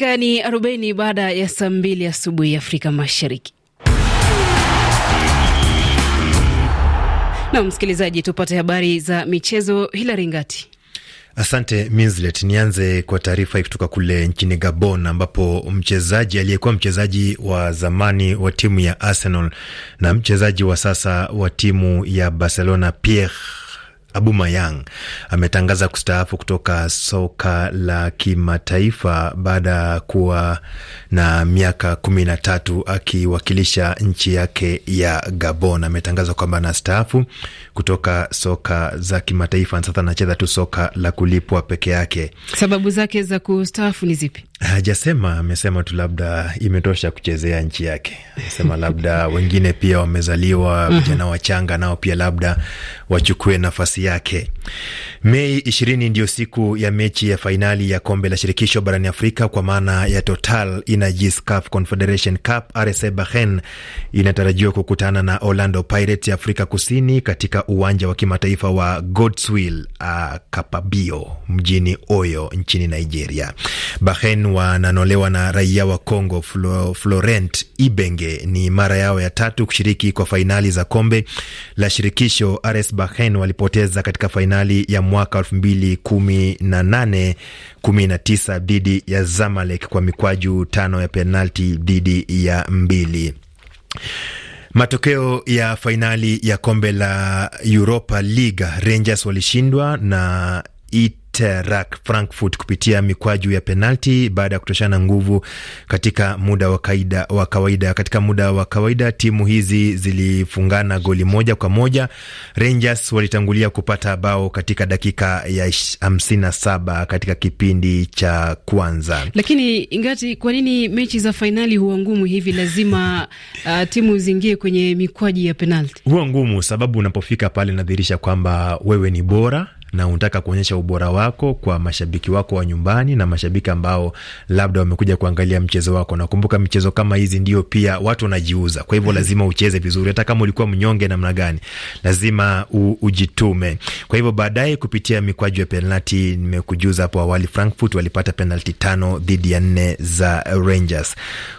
Dakika ni 40 baada ya saa mbili asubuhi Afrika Mashariki. Na msikilizaji, tupate habari za michezo. Hilari Ngati. Asante Minslet, nianze kwa taarifa hii kutoka kule nchini Gabon, ambapo mchezaji aliyekuwa mchezaji wa zamani wa timu ya Arsenal na mchezaji wa sasa wa timu ya Barcelona Pierre Abumayang ametangaza kustaafu kutoka soka la kimataifa baada ya kuwa na miaka kumi na tatu akiwakilisha nchi yake ya Gabon. Ametangaza kwamba anastaafu kutoka soka za kimataifa, sasa anacheza tu soka la kulipwa peke yake. Sababu zake za kustaafu ni zipi? Hajasema, amesema tu labda imetosha kuchezea nchi yake. Amesema labda wengine pia wamezaliwa mhm. vijana wachanga, nao pia labda wachukue nafasi yake. Mei ishirini ndiyo siku ya mechi ya fainali ya kombe la shirikisho barani Afrika kwa maana ya Total Energies CAF Confederation Cup. RS inatarajiwa kukutana na Orlando Pirates ya Afrika Kusini katika uwanja wa kimataifa wa Godswill Akpabio ah, mjini Oyo nchini Nigeria. Berkane wananolewa na raia wa Congo Flo, Florent Ibenge. Ni mara yao ya tatu kushiriki kwa fainali za kombe la shirikisho. RS Bahen walipoteza katika fainali ya mwaka na tisa dhidi ya Zamalek kwa mikwaju tano ya penalti dhidi ya mbili. Matokeo ya fainali ya kombe la Europa League, Rangers walishindwa na it Eintracht Frankfurt kupitia mikwaju ya penalti baada ya kutoshana nguvu katika muda wa kaida, wa kawaida. Katika muda wa kawaida timu hizi zilifungana goli moja kwa moja. Rangers walitangulia kupata bao katika dakika ya 57 katika kipindi cha kwanza. Lakini ingati, kwa nini mechi za fainali huwa ngumu hivi? Lazima uh, timu zingie kwenye mikwaju ya penalti. Huwa ngumu sababu unapofika pale nadhirisha kwamba wewe ni bora na unataka kuonyesha ubora wako kwa mashabiki wako wa nyumbani na mashabiki ambao labda wamekuja kuangalia mchezo wako. Nakumbuka michezo kama hizi ndio pia watu wanajiuza, kwa hivyo mm-hmm. lazima ucheze vizuri, hata kama ulikuwa mnyonge namna gani, lazima u, ujitume. Kwa hivyo baadaye kupitia mikwaju ya penalti, nimekujuza hapo awali, Frankfurt walipata penalti tano dhidi ya nne za Rangers.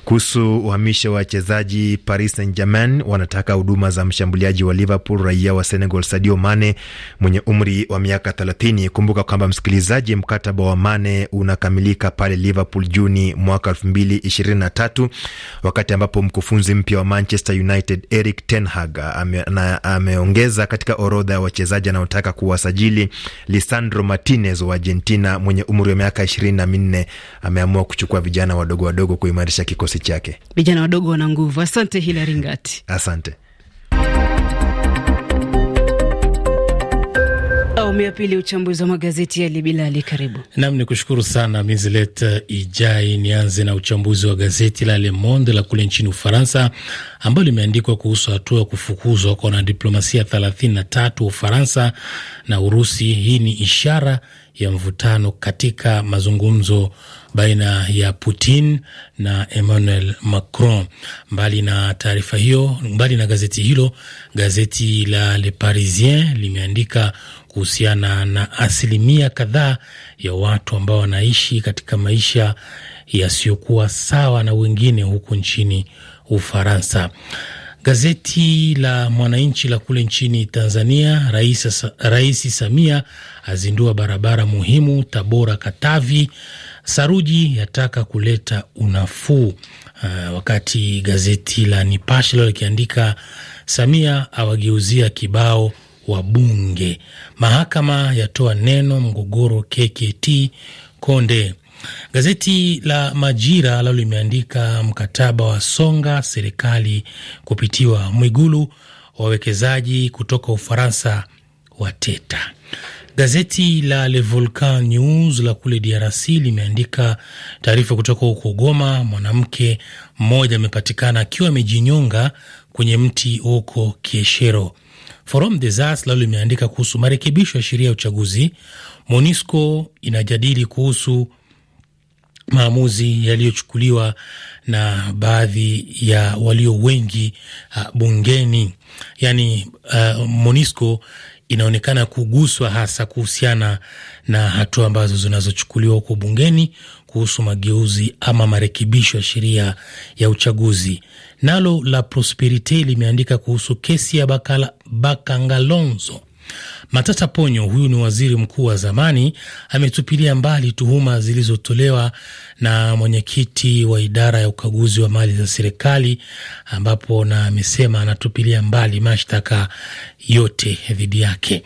Kuhusu uhamisho wa wachezaji, Paris Saint Germain wanataka huduma za mshambuliaji wa Liverpool raia wa Senegal Sadio Mane mwenye umri wa miaka miaka thelathini. Kumbuka kwamba msikilizaji, mkataba wa Mane unakamilika pale Liverpool Juni mwaka tatu wakati ambapo mkufunzi mpya wa Manchester United Eric Ten Hag ameongeza katika orodha ya wachezaji anaotaka kuwasajili Lisandro Martinez wa Argentina mwenye umri wa miaka minne Ameamua kuchukua vijana wadogo wadogo kuimarisha kikosi chake. Vijana wadogo wana nguvu. Asante Hilaringati. asante. Awamu ya pili, uchambuzi wa magazeti ya Libilali. Karibu nam, ni kushukuru sana Mizlet eh, Ijai. Nianze na uchambuzi wa gazeti la Le Monde la kule nchini Ufaransa, ambayo limeandikwa kuhusu hatua ya kufukuzwa kwa wanadiplomasia 33 Ufaransa na Urusi. Hii ni ishara ya mvutano katika mazungumzo baina ya Putin na Emmanuel Macron. Mbali na taarifa hiyo, mbali na gazeti hilo, gazeti la Le Parisien limeandika kuhusiana na asilimia kadhaa ya watu ambao wanaishi katika maisha yasiyokuwa sawa na wengine huko nchini Ufaransa. Gazeti la Mwananchi la kule nchini Tanzania, Rais, Rais Samia azindua barabara muhimu Tabora Katavi, saruji yataka kuleta unafuu. Uh, wakati gazeti la Nipashe likiandika Samia awageuzia kibao wa bunge. Mahakama yatoa neno mgogoro KKT Konde. Gazeti la Majira lao limeandika mkataba wa songa serikali kupitiwa, Mwigulu wawekezaji kutoka Ufaransa wateta. Gazeti la Le Volcan News la kule DRC limeandika taarifa kutoka huko Goma, mwanamke mmoja amepatikana akiwa amejinyonga kwenye mti huko Kieshero. Forum des As lao limeandika kuhusu marekebisho ya sheria ya uchaguzi. MONUSCO inajadili kuhusu maamuzi yaliyochukuliwa na baadhi ya walio wengi uh, bungeni. Yaani uh, MONUSCO inaonekana kuguswa hasa kuhusiana na hatua ambazo zinazochukuliwa huko bungeni kuhusu mageuzi ama marekebisho ya sheria ya uchaguzi. Nalo la Prosperite limeandika kuhusu kesi ya Bakala, Bakangalonzo. Matata Ponyo, huyu ni waziri mkuu wa zamani, ametupilia mbali tuhuma zilizotolewa na mwenyekiti wa idara ya ukaguzi wa mali za serikali, ambapo na amesema anatupilia mbali mashtaka yote dhidi yake.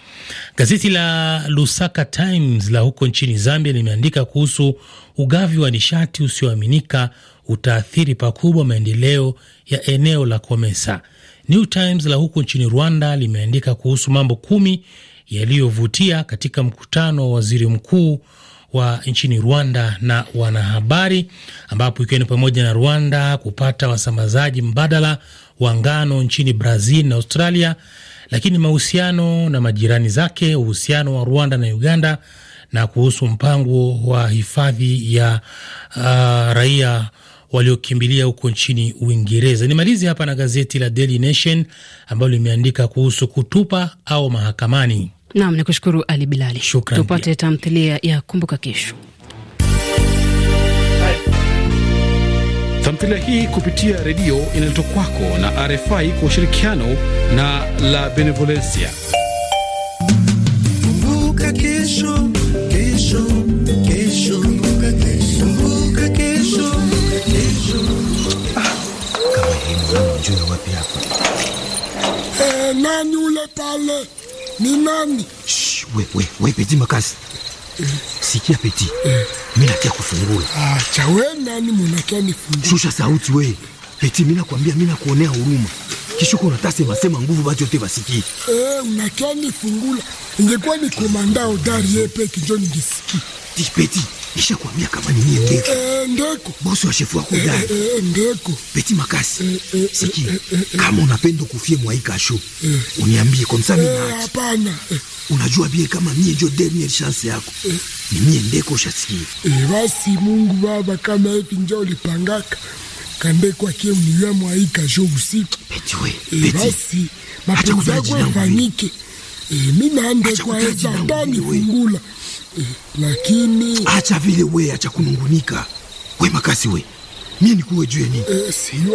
Gazeti la Lusaka Times la huko nchini Zambia limeandika kuhusu ugavi wa nishati usioaminika utaathiri pakubwa maendeleo ya eneo la Komesa. New Times la huko nchini Rwanda limeandika kuhusu mambo kumi yaliyovutia katika mkutano wa waziri mkuu wa nchini Rwanda na wanahabari, ambapo ikiwa ni pamoja na Rwanda kupata wasambazaji mbadala wa ngano nchini Brazil na Australia, lakini mahusiano na majirani zake, uhusiano wa Rwanda na Uganda na kuhusu mpango wa hifadhi ya uh, raia waliokimbilia huko nchini Uingereza. Nimalize hapa na gazeti la Daily Nation ambalo limeandika kuhusu kutupa au mahakamani. Naam, kushukuru Ali Bilali. Shukran. Tupate tamthilia ya kumbuka kesho. Tamthilia hii kupitia redio inaletwa kwako na RFI kwa ushirikiano na La Benevolencia. Eh, nani ule pale? Ni nani? Shh, we, we, we Peti Makasi. Sikia Peti. Mm. Eh. Mimi nakia kufungula. Ah, we nani munakia nifungula? Shusha sauti we. Peti mimi nakwambia mimi nakuonea huruma. Kishuko unatasema sema nguvu basi yote basikie. Eh, unakia nifungula. Ingekuwa ni komanda hodari yeye peke njoni nisikie. Peti. Nishakwambia kama ni mie ndeko. Eh, eh, ndeko. Bosi wa shefu wako ndani. Eh, ndeko. Peti makasi. Siki, kama unapenda kufie mwaika show, uniambie kwa msami na Hapana. Unajua bie kama mie ndio dernier chance yako. Ni mie ndeko ushasikia. E, basi Mungu Baba kama hivi ndio ulipangaka. kwa kile mniwe mwaika show usiku. Peti we. Peti. basi mapenzi yako yafanyike. mimi naende kwa heza ndani fungula lakini acha vile we, acha kunungunika we makasi we, mi nikuwe juu ya nini? E,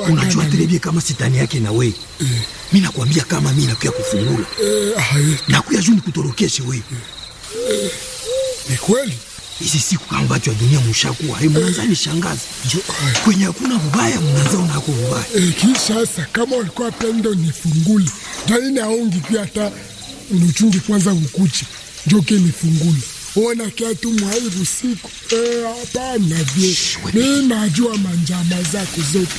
unajua terebie kama sitani yake na we e. Mi nakwambia kama mi nakuya kufungula e, nakuya juu nikutorokeshe we e. Ni kweli hizi siku kama watu wa dunia mushakuwa hey, mnaanza shangazi kwenye hakuna ubaya, mnaanza unako ubaya e, kisha sasa kama walikuwa pendo ni funguli nifungule ina ongi pia hata nuchungi kwanza ukuchi njoke ni funguli unakaa tu mwaivu siku hapana. E, vye mi najua manjama zako zote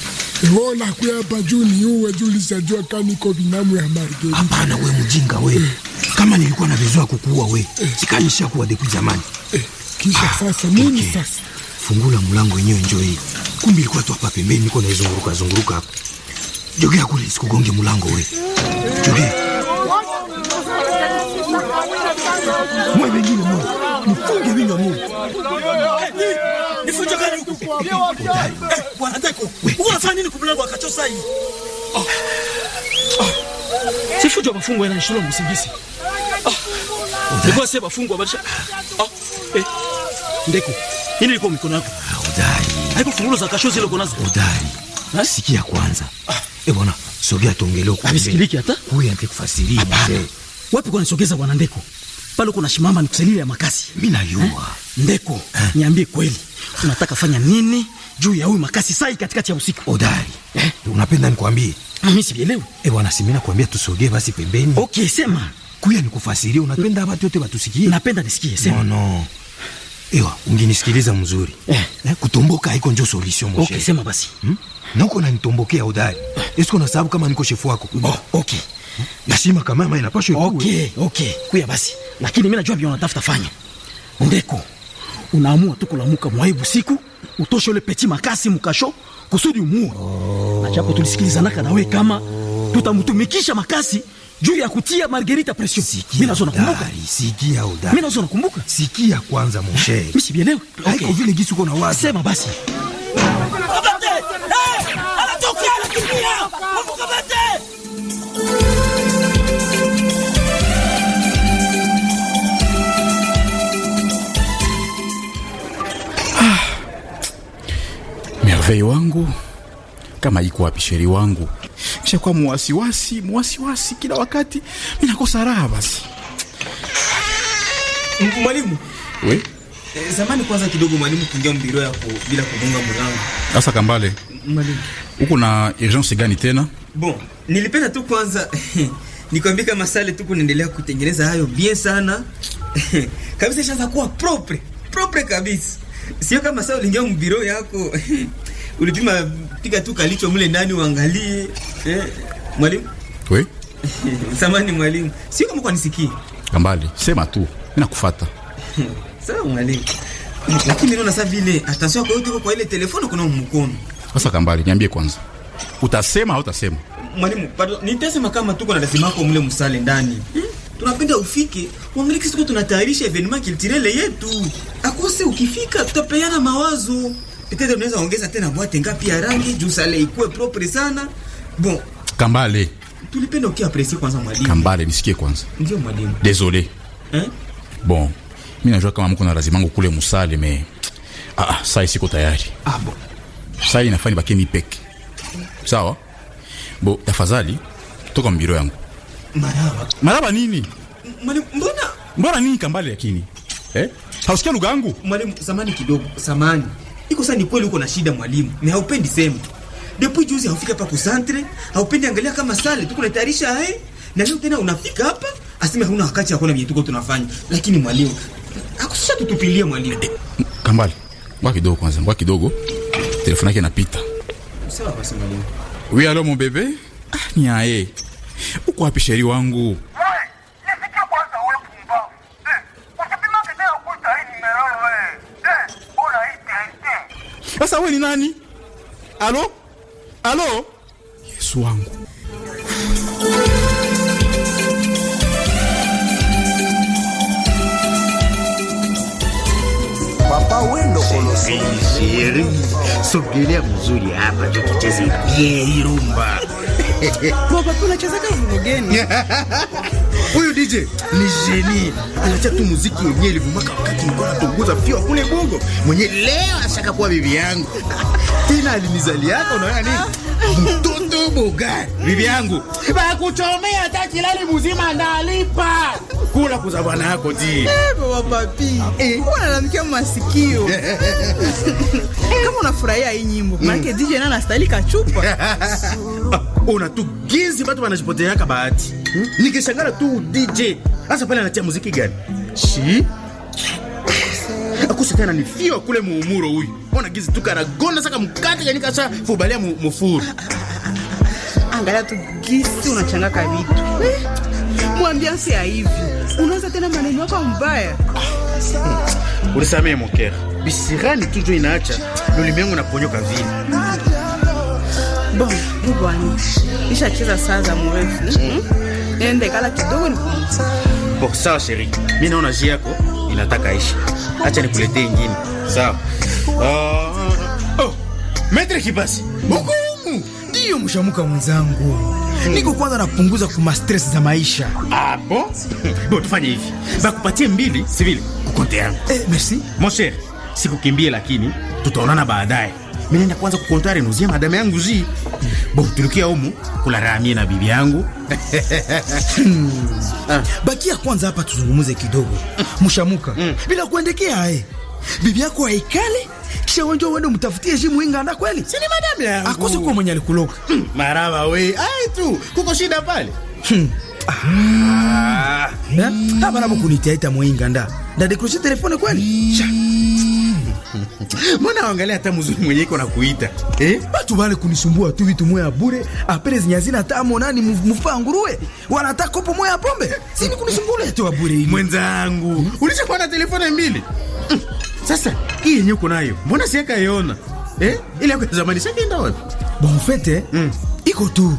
wewe unakuya hapa juu ni uwe juu lishajua kaniko binamu ya Margarita. Hapana we mjinga we eh. Kama nilikuwa na vizua kukuua we eh. Sikanisha kuwa deku jamani eh. Kisha ah, sasa nini Sasa fungula mlango wenyewe njo hii kumbi ilikuwa tu hapa pembeni, niko naizunguruka zunguruka hapa. Jogea kule sikugonge mlango we, jogea mwe wengine mwe nifunge mimi wa Mungu nifunge gari teko eh, wewe unafanya nini kumlango akachosa hii sifujo mafungo yana nishura msingisi ndiko sasa ah, ah. mafungo ah, abalisha eh ndeko nini liko mikono yako udai haiko fungulo za kachosa zile uko nazo udai eh? sikia kwanza eh bwana sogea tuongelee kwa bisikiliki hata huyu anataka kufasiria mzee wapi kwa nisogeza bwana ndeko pale kuna shimama nikusaidie ya makasi. Mimi najua. Eh, Ndeko, eh? Niambie kweli. Unataka fanya nini juu ya huyu makasi sai katikati ya usiku? Odari. Eh? Unapenda nikwambie? Ah, mimi sielewi. Eh, bwana Simina kuambia tusogee basi pembeni. Okay, sema. Kuya nikufasirie, unapenda watu wote watusikie? Napenda nisikie, sema. No, no. Ewa, unginisikiliza mzuri. Eh. Eh, kutomboka haiko njo solution mshe. Okay, sema basi. Hmm? Na uko unanitombokea Odari. Eh. Esko na sababu kama niko shefu wako. Oh, okay heshima kama mama inapaswa iwe. Okay, okay. Kuya basi. Lakini mimi najua bwana unatafuta fanya. Ndeko. Unaamua tu kulamuka mwaibu siku, utoshe ile peti makasi mkasho kusudi umuue. Oh. Achapo tulisikilizana kana wewe kama tutamtumikisha makasi juu ya kutia Margarita pression. Mimi nazo nakumbuka. Sikia udari. Mimi nazo nakumbuka. Sikia kwanza mshe. Mimi sielewi. Okay. Haiko vile gisu kona wazi. Sema basi. fei wangu kama iko wapi sheri wangu, kisha kwa muwasiwasi muwasiwasi, kila wakati mimi nakosa raha. Basi mwalimu, we eh, zamani kwanza kidogo mwalimu, kuingia mbiro yako bila kugonga mlango. Sasa Kambale, mwalimu, uko na urgence gani tena? Bon, nilipenda tu kwanza nikwambia kama sale tu kunaendelea kutengeneza hayo bien sana kabisa, shaanza kuwa propre propre kabisa, sio kama sasa uliingia mbiro yako ulipima piga tu kalicho mle ndani uangalie. Eh, mwalimu we samani mwalimu, sio kama kwa nisikie kambali, sema tu mimi nakufuata. Sawa mwalimu, lakini naona sasa vile atasiwa kwa yote kwa ile telefoni kuna mkono sasa. Kambali, niambie kwanza, utasema au utasema? Mwalimu, pardon, nitasema kama tuko na lazima kwa mle msale ndani hmm? Tunapenda ufike uangalie, sisi tunatayarisha evenement culturel yetu, akose ukifika tutapeana mawazo Peut-être unaweza ongeza tena boite ngapi ya rangi juu sale ikue propre sana. Bon, Kambale. Tulipenda ukiapresie kwanza mwalimu. Kambale, nisikie kwanza. Ndio mwalimu. Désolé. hein? Bon. Mimi najua kama mko na razimangu kule musale me ah, sai ah, siko tayari. Ah bon. Sai inafanya bakie peke. Sawa? Bo, tafadhali toka mbiro yangu. Maraba. Maraba nini? Mwalimu, mbona? Mbona nini Kambale lakini? Eh? Hausikia lugha yangu? Mwalimu, samani kidogo, samani iko sasa. Ni kweli uko na shida mwalimu, ni haupendi sema depuis juzi haufika hapa kusantre, haupendi angalia kama sale tuko natayarisha eh, na leo tena unafika hapa asema huna wakati, hakuna vitu tuko tunafanya. Lakini mwalimu akusisha, tutupilie mwalimu. kambali kwa kidogo kwanza, kwa kidogo, telefoni yake inapita. Sawa basi mwalimu. Oui, alo mon bebe. Ah, ni aye. Uko wapi sheri wangu? wewe ni nani? Alo, alo, Yesu wangu. Subiria mzuri hapa tukicheze bieri irumba Huyu DJ ni jeni, anacha tu muziki wenyewe ilivumaka wakati nilikuwa natongoza fiwa kule Bongo. Mwenye leo ashaka kuwa bibi yangu tena, yako Unaona nini, mtoto boga bibi yangu, bakuchomea hata kilali mzima ndalipa kukula kuza bwana yako ji. Eh, baba papi. Ah. Eh, wala ananikia masikio. Eh, kama unafurahia hii nyimbo, mm. maana DJ na anastahili kachupa. Una tu gizi watu wanajipoteaka bahati. Hmm? Nikishangara tu DJ. Sasa pale anatia muziki gani? Shi. Akusa tena ni fio kule muumuro huyu. Ona gizi tu kana gonda saka mkate yani kasha fubalia mufuru. Angalia tu gizi unachangaka vitu. Eh mwambia si hivi, unaanza tena maneno yako mbaya. Ulisamee mokera, bisirani tujo inaacha lulimengu naponyoka vile bon Isha cheza saa za mrefu mm. Ende kala kidogo ni nikuuza bo. Sawa sheri, mi naona ji yako inataka isha. acha nikuletee ingine. Sawa. Uh, oh, metre kibasi huku ndiyo mshamuka mwenzangu, niko kwanza napunguza kuma stress za maisha. abo ah, Bo, tufanye hivi, bakupatie mbili sivile kukonte yangu. Eh, merci mon cher, sikukimbie, lakini tutaonana baadaye. Minenda kwanza kukontare nuzia madame yangu zi bo, tulikia umu kularamie na bibi yangu hmm. ah. Bakia kwanza hapa tuzungumuze kidogo, mshamuka mm. bila kuendekea eh bibi yako haikali kisha wanja uende mtafutie inga inganda kweli? sini madam yangu. Akose kwa mwenye alikuloga. Hmm. Maraba we, ai tu. Kuko shida pale. Hmm. Ah. Ah, eh, barabu kunitia ita muinganda. Na dekroshe telefone kweli? Mbona wangalia hata mzuri mwenye iko nakuita. Eh? Watu wale kunisumbua tu vitu moya bure, apere zinyazina hata amonani mfaa nguruwe. Wanataka kopo moya pombe. Si ni kunisumbua tu bure hili. Mwenzangu, ulishakuwa telefone mbili. Hmm. Sasa hii yenyewe uko nayo, mbona siaka yona eh? Ile yako zamani shakienda wapi? Bon fete eh, mm. iko tu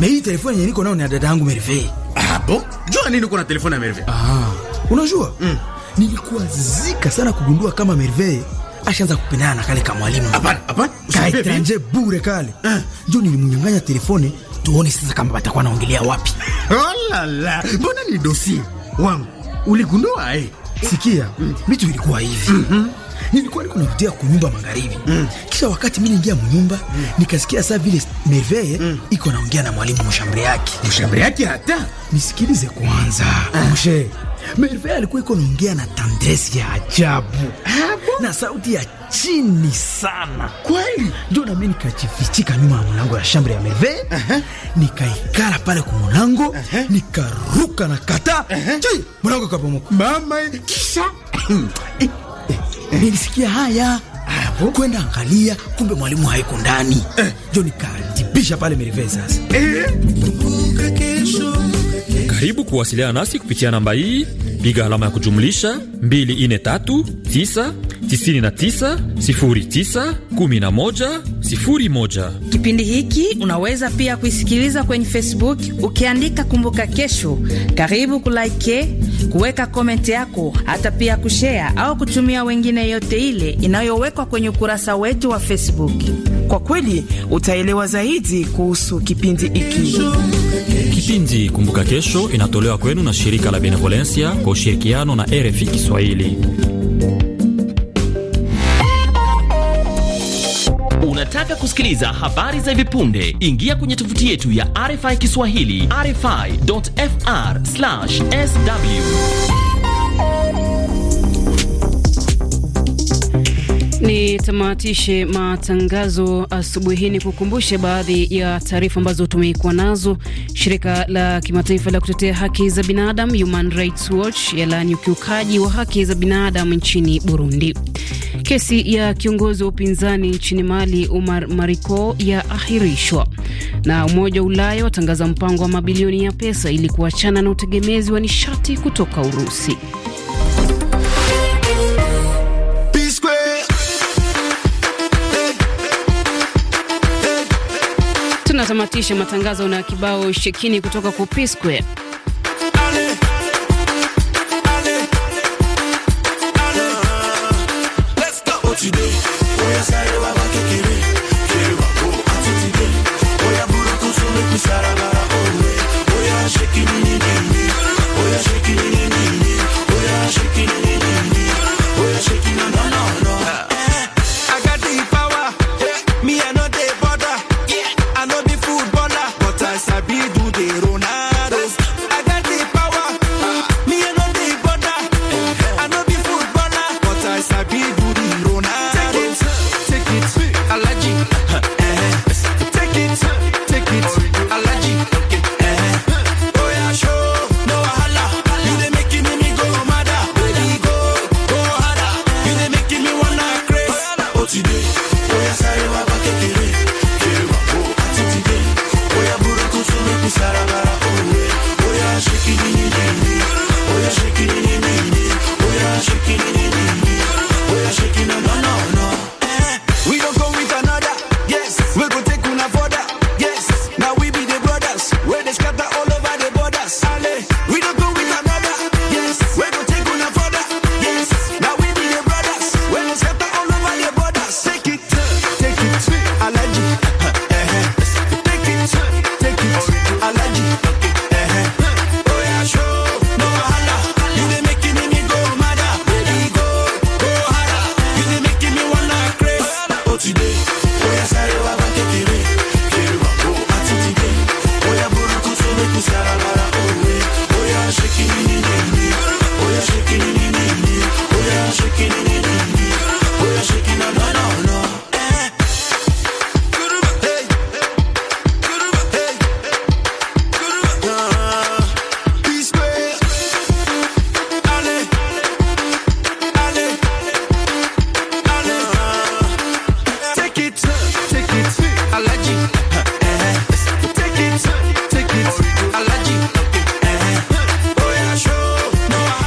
me hii telefoni yenyewe niko nayo ni dada yangu Merve. Ah bon, jua nini uko na telefoni ya Merve? Ah, unajua mm. nilikuwa zika sana kugundua kama Merve ashaanza kupendana na kale kama mwalimu. Hapana, hapana, kaitanje bure kale ah. Eh. Jua nilimnyang'anya telefoni, tuone sasa kama batakuwa naongelea wapi. Oh la la, mbona ni dosi wangu uligundua eh? Sikia, vitu mm. vilikuwa hivi mm -hmm. Nilikuwa niko kwa kunyumba magharibi mm. Kisha wakati mi niingia munyumba mm. nikasikia saa vile Merveye mm. iko naongea na mwalimu mshambre yake mshambre yake hata nisikilize kwanza ah. Mshe Merveye alikuwa iko naongea na tandresi ya ajabu ah na sauti ya chini sana kweli, ndio nami nikachifichika nyuma ya mlango ya shambre ya meve uh -huh. Nikaikala pale kwa mlango uh -huh. Nikaruka na kata uh -huh. Chui, mlango kapomoka mama, eh, kisha eh, eh, Nilisikia haya kwenda angalia, kumbe mwalimu haiko ndani eh. Jo, pale merive sasa eh. Karibu kuwasiliana nasi kupitia namba hii, piga alama ya kujumlisha 24399091101. Kipindi hiki unaweza pia kuisikiliza kwenye Facebook ukiandika Kumbuka Kesho. Karibu kulike, kuweka komenti yako, hata pia kushea au kutumia wengine, yote ile inayowekwa kwenye ukurasa wetu wa Facebook. Kwa kweli utaelewa zaidi kuhusu kipindi hiki. Kipindi Kumbuka Kesho inatolewa kwenu na shirika la Benevolencia kwa ushirikiano na RFI Kiswahili. Unataka kusikiliza habari za hivi punde? Ingia kwenye tovuti yetu ya RFI Kiswahili, rfi.fr/sw. ni tamatishe matangazo asubuhi hii ni kukumbushe baadhi ya taarifa ambazo tumekuwa nazo. Shirika la kimataifa la kutetea haki za binadamu Human Rights Watch yalani ukiukaji wa haki za binadamu nchini Burundi. Kesi ya kiongozi wa upinzani nchini Mali umar Mariko yaahirishwa, na Umoja wa Ulaya watangaza mpango wa mabilioni ya pesa ili kuachana na utegemezi wa nishati kutoka Urusi. tunatamatisha matangazo na kibao shekini kutoka kwa P Square.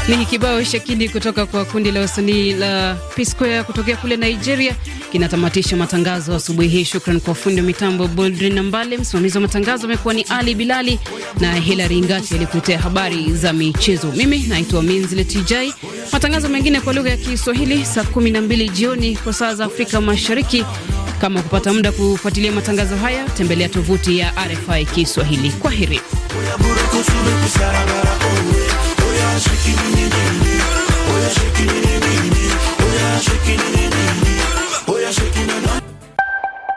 Ni kibao shakidi kutoka kwa kundi la wasanii la P kutokea kule Nigeria kinatamatisha matangazo asubuhi hii. Shukran kwa ufundi wa mitambo Boldrin Nambale, msimamizi wa matangazo amekuwa ni Ali Bilali na hilari Ngati alikuletea habari za michezo. Mimi naitwa Minzile Matangazo mengine kwa lugha ya Kiswahili saa 12 jioni kwa saa za Afrika Mashariki. Kama kupata muda kufuatilia matangazo haya, tembelea tovuti ya RFI Kiswahili. Kwa heri.